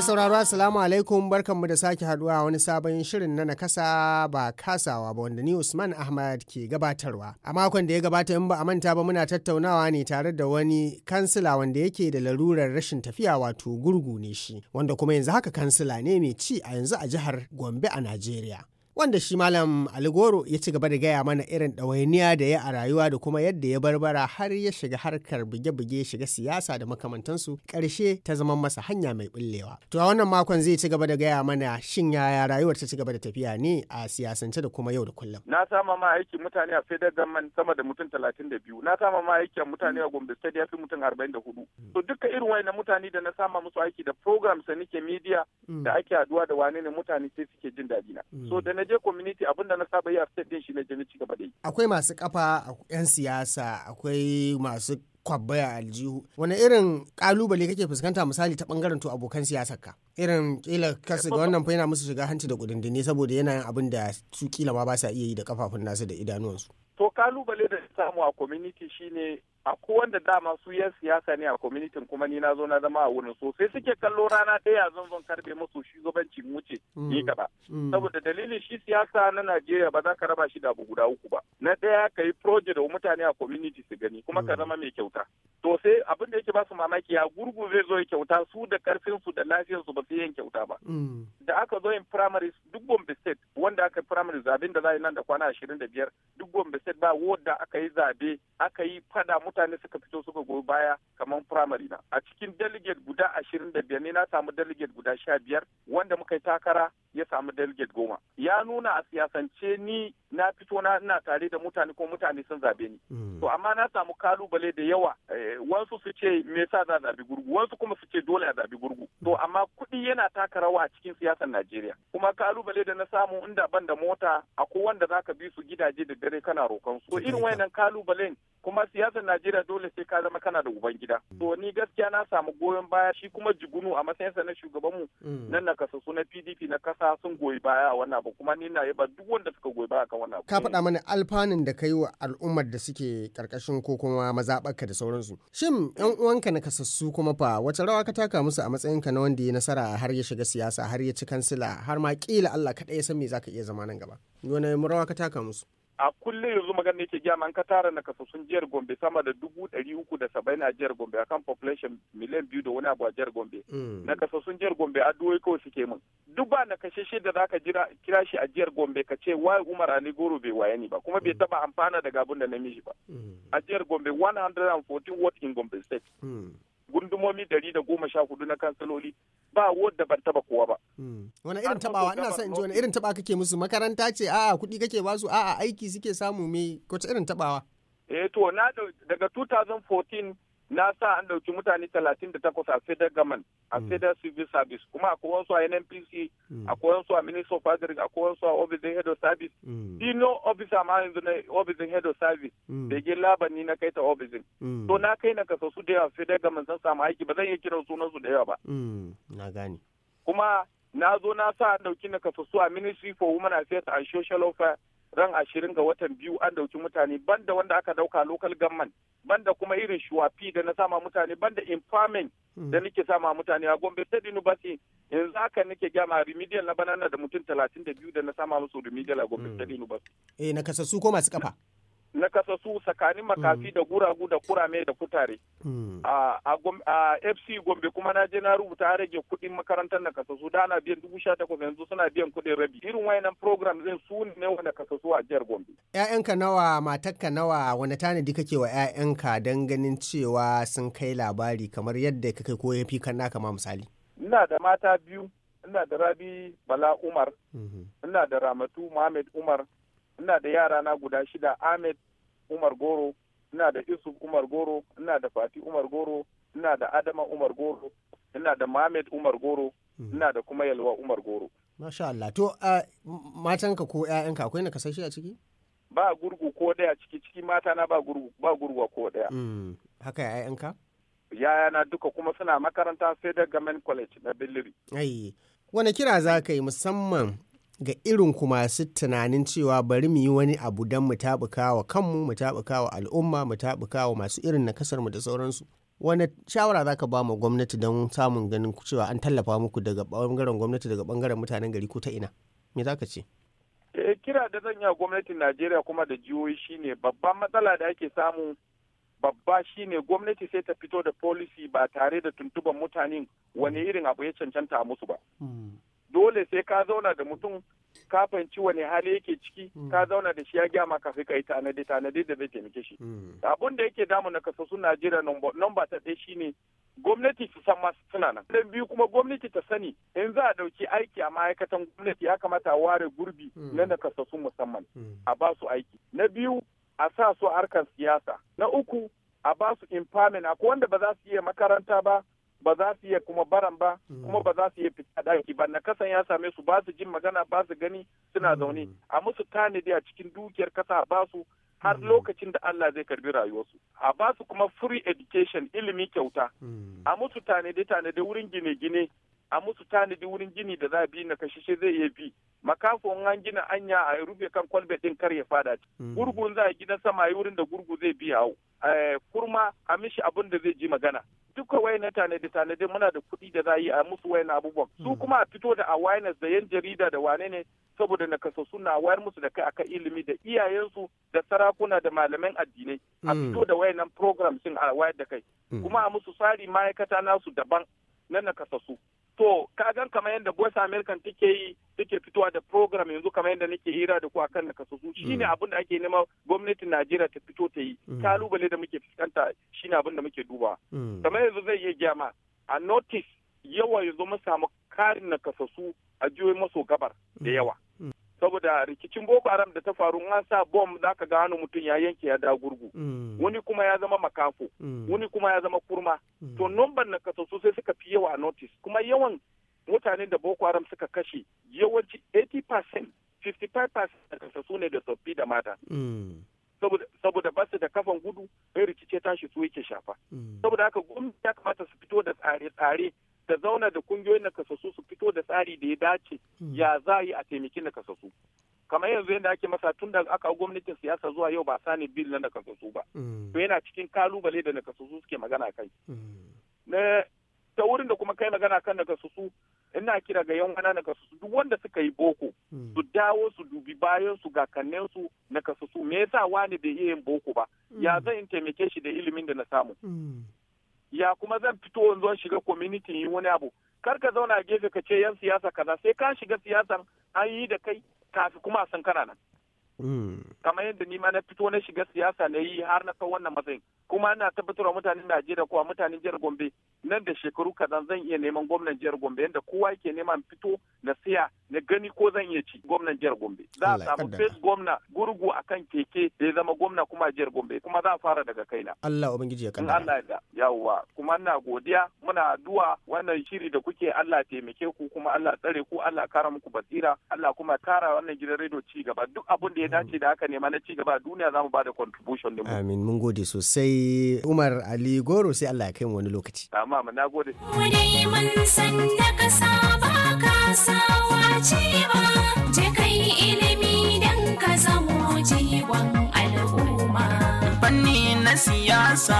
Mai sauraro Assalamu alaikum barkanmu da sake haduwa wani sabon shirin na nakasa ba kasawa ba wanda ni Usman Ahmad ke gabatarwa. A makon da ya gabata in ba a manta ba muna tattaunawa ne tare da wani kansila wanda yake da larurar rashin tafiya wato gurgu ne shi wanda kuma yanzu haka kansila ne mai ci a yanzu a jihar Gombe a Najeriya. wanda shi malam aligoro ya ci gaba da gaya mana irin ɗawainiya da ya a rayuwa da kuma yadda ya barbara har ya shiga harkar buge-buge shiga siyasa da makamantansu ƙarshe ta zama masa hanya mai ɓullewa to a wannan makon zai ci gaba da gaya mana shin yaya rayuwar ta ci gaba da tafiya ne a siyasance da kuma yau da kullum na sama ma aiki mutane a federal government sama da mutum talatin da biyu na sama ma aiki a mutane a gombe state ya fi mutum arba'in da hudu to duka irin na mutane da na sama musu aiki da programs da nike media mm. da ake haduwa da wane ne mutane sai suke jin daɗi na mm. so da na je community abin da na saba yi a state din shi na ci gaba da yi akwai masu kafa yan siyasa akwai masu kwabbaya aljihu wani irin kalubale kake fuskanta misali ta bangaren to abokan siyasar ka irin kila kasa ga wannan fa yana musu shiga hanci da kudindini saboda yana yin abin da su kila ma ba sa iya yi da kafafun nasu da idanuwansu to kalubale da samu a community shine a wanda dama su yan siyasa ne a kwamitin kuma ni na zo na zama a wurin sosai suke kallo rana ɗaya zan zo karbe musu shugabancin wuce ni kada mm, mm. saboda dalilin shi siyasa na Najeriya ba za ka raba shi da abu guda uku ba na ɗaya ka yi project da mutane a community su gani kuma ka mm. zama mai kyauta to sai abin da yake ba su mamaki ya gurgu zai zo ya kyauta su da karfin su da lafiyar su ba su yin kyauta ba da aka zo in primary duk Gombe state wanda aka primary zabin da za yi nan da kwana 25 duk Gombe state ba wanda aka yi zabe aka yi fada mutane suka fito suka goyi baya kamar firamare na a cikin delegate guda ashirin da biyar ne na samu delegate guda sha biyar wanda muka yi takara ya samu delegate goma ya nuna a siyasance ni na fito na ina tare da mutane ko mutane sun zabe ni hmm. to amma na samu kalubale da yawa eh, wasu su ce me yasa za zabi gurgu wasu kuma su ce dole a zabi gurgu to amma kuɗi yana taka rawa a cikin siyasar Najeriya kuma kalubale da na samu inda ban da mota akwai wanda zaka bi su gidaje da dare kana roƙon su to irin wayannan kalubalen kuma siyasar Najeriya dole sai ka zama kana da uban gida To ni gaskiya na samu goyon baya shi kuma jigunu a matsayinsa na shugabanmu nan mm. na kasa na PDP na kasa sun goyi baya a wannan abu kuma ni na yaba duk wanda suka goyi baya kan wannan abu. Ka faɗa mana alfanun da kai wa al'ummar da suke karkashin ko kuma mazaɓarka da sauransu. Shin yan uwanka na kasassu kuma fa wace rawa ka taka musu a matsayinka na wanda ya nasara har ya shiga siyasa har ya ci kansila har ma kila Allah kaɗai ya san me za ka iya zama nan gaba. Wani rawa ka taka musu? a kullum yanzu magana ke gyama an ka tara na kasassun jihar gombe sama da dubu ɗari uku da saba'in a jihar gombe akan population miliyan biyu da wani abu a jihar gombe mm. na kasassun jihar gombe duwai kawai suke mun. duk ba na shi da zaka jira kira shi a jihar gombe ka ce wai umar ali goro bai waye ni ba kuma bai mm. taba amfana daga abin da na mishi ba mm. a jihar gombe 114 ward in gombe state gundumomi dari da goma sha hudu na kansaloli ba da ban taba kowa ba wani irin tabawa ina son in ji wani irin taba kake musu makaranta ce a'a kuɗi kake basu a'a aiki suke samu me wace irin tabawa eh to na daga 2014 na sa an dauki mutane 38 a federal government a mm. federal civil service kuma akwai su a NNPC mm. akwai su a minister of a akwai su a office head of service dino mm. office ma yanzu na office head of service da ke labani na kai ta office to na kai na kasa su da yawa federal government sun samu aiki ba zan iya kiran sunan su da yawa ba na gane kuma na zo na sa an ɗauki na su a ministry for women affairs and social welfare ran ashirin ga watan biyu an dauki mutane banda wanda aka dauka local government banda kuma irin shuwafi da na sama mutane banda empowerment da hmm. nake sama mutane a gombe state university yanzu haka nake gama remedial na banana da mutum talatin da biyu da na sama musu remedial a gombe hmm. state university eh na kasassu ko masu kafa na kasa tsakanin makafi mm. da guragu da kurame da kutare mm. a fc gombe kuma na je na rubuta a rage kuɗin makarantar na kasa da ana biyan dubu sha takwas yanzu suna biyan kuɗin rabi irin wayannan program din su ne wanda kasa a jihar gombe ƴaƴanka nawa matarka nawa wani tanadi kake wa ƴaƴanka don ganin cewa sun kai labari kamar yadda kake ko yafi kan naka ma misali ina da mata biyu ina da rabi bala umar mm-hmm. ina da ramatu muhammad umar ina da yara na guda shida ahmed umar goro ina da yusuf umar goro ina da fati umar goro ina da adama umar goro ina da mohammed umar goro hmm. ina da kuma yalwa umar goro masha Allah to uh, matanka ko 'ya'yanka akwai na kasashe a ciki ba gurgu ko daya ciki ciki mata na ba gurgu ba gurguwa ko daya mm. haka 'ya'yanka yaya na duka kuma suna makaranta sai da gamen college na billiri ai wani kira za ka yi musamman ga irin kuma su tunanin cewa bari mu yi wani abu don mu taɓuka wa kanmu mu taɓuka wa al'umma mu taɓuka wa masu irin na kasar mu da sauransu wani shawara za ka ba ma gwamnati don samun ganin cewa an tallafa muku daga bangaren gwamnati daga bangaren mutanen gari ko ta ina me za ka ce eh, kira da zan yi gwamnatin najeriya kuma da jihohi shine babban matsala da ake samu babba shine gwamnati sai ta fito da policy ba tare da tuntuban mutane wani irin abu ya cancanta musu ba hmm. dole sai ka zauna da mutum kafin ci wani hali yake ciki hmm. ka zauna da shi ya gyama kafin ka yi tanadi tanadi da zai taimake shi hmm. abun da yake damu na kasasu najeriya nomba ta ɗaya shine gwamnati su san masu suna nan. Dan biyu kuma gwamnati ta sani in za a ɗauki aiki a ma'aikatan gwamnati ya kamata a ware gurbi hmm. na nakasassu musamman a ba su aiki. Na biyu a sa su harkar siyasa. Na uku a ba su impamin wanda ba za su iya makaranta ba ba za su iya kuma baran ba mm. kuma ba za su iya fita daki ba na kasan ya same su ba su jin magana ba su gani suna mm. zaune a musu tanadi a cikin dukiyar kasa ba su har mm. lokacin da Allah zai karbi rayuwarsu a ba su kuma free education ilimi kyauta a musu tanadi tanadi wurin gine-gine a musu tanadi wurin gini da za a bi na shi zai iya bi makafin an gina anya a rufe kan kwalbe din kar ya fada mm. gurgun za a gidan sama yi wurin da gurgu zai bi hau eh, kurma a mishi abin da zai ji magana duka wayan tanadi tanadi muna da kuɗi da za a yi a musu wayan abubuwan su mm. kuma a fito da awareness da yan jarida da wane ne saboda na kaso suna wayar musu da kai akan ilimi da iyayensu da sarakuna da malaman addinai a mm. fito da wayannan program sun a wayar da kai kuma a musu tsari ma'aikata nasu daban na nakasassu to ka gan kamar yadda voice american take yi take fitowa da program yanzu kamar yadda nake hira da ku akan na kasasu shine mm. abin da ake nema gwamnatin najeriya ta fito ta yi mm. kalubale da muke fuskanta shine abin da muke duba mm. kamar yanzu zai iya gyama a notice yawa yanzu mun samu karin na kasasu a jihohin maso gabar da yawa saboda rikicin boko haram da ta faru an sa bom da aka gano mutum ya yanke ya da gurgu mm. wani kuma ya zama makafo mm. wani kuma ya zama kurma mm. to nomban na kaso sosai suka fi yawa a notice kuma yawan mutanen da boko haram suka kashe yawanci 80% 55% da kasasu ne da tsoffi da mata saboda basu da kafan gudu in rikice tashi su yake shafa saboda haka gwamnati ya kamata su fito da tsare-tsare ta zauna da kungiyoyin nakasassu su fito da tsari da ya dace hmm. ya za yi a taimaki nakasassu kamar yanzu yadda ake masa tun da aka gwamnatin siyasa zuwa yau ba sani bil na nakasassu ba hmm. to yana cikin kalubale da nakasassu suke magana kai hmm. na ta wurin da kuma kai magana kan nakasassu ina kira ga yanwana nakasasu nakasassu duk wanda suka yi boko su dawo su dubi bayan su ga kannen su nakasassu me yasa wani bai iya yin boko ba ya zan in taimake shi da ilimin da na samu ya kuma zan fito in zo shiga community yi wani abu kar ka zauna a gefe ka ce yan siyasa kaza sai ka shiga siyasan an yi da kai kafi kuma san kana nan kamar yadda ni ma na fito na shiga siyasa na yi har na san wannan matsayin kuma ina wa mutanen Najeriya kuwa mutanen jihar Gombe nan da shekaru kadan zan iya neman gwamnan jihar Gombe yadda kowa yake neman fito na siya na gani ko zan iya ci gwamnan jihar Gombe za a samu face gwamna gurgu akan keke da ya zama gwamna kuma jihar Gombe kuma za a fara daga kaina Allah ubangiji ya kaddara Allah ya yawa kuma ina godiya muna addu'a wannan shiri da kuke Allah taimake ku kuma Allah tsare ku Allah kara muku basira Allah kuma kara wannan gidan rediyo ci gaba duk abin da ya dace da haka ne ma na ci gaba duniya za mu bada contribution din mu amin mun gode sosai Umar Ali Goro sai Allah ya kai mu wani lokaci amma na gode mun san da ka saba ka sawa ce ba je kai ilimi dan ka zamo jiwon al'umma fanni na siyasa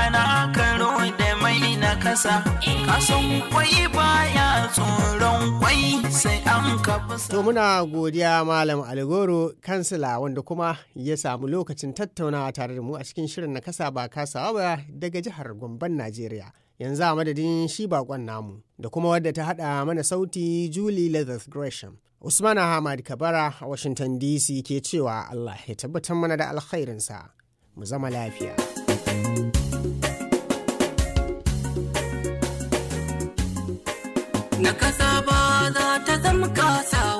ana karo da mai na kasa eh. kasan kwai baya tsoron kwai To muna godiya Malam aligoro kansila wanda kuma ya samu lokacin tattaunawa tare da mu a cikin shirin na kasa ba kasawa ba daga jihar Gomban Najeriya. Yanzu a madadin shi bakon namu da kuma wadda ta haɗa mana sauti Julie Leathers Gresham. Usman Ahmad Kabara a Washington DC ke cewa Allah ya tabbatar mana da alkhairinsa. Mu zama lafiya. na kasa ba za ta zama kasawa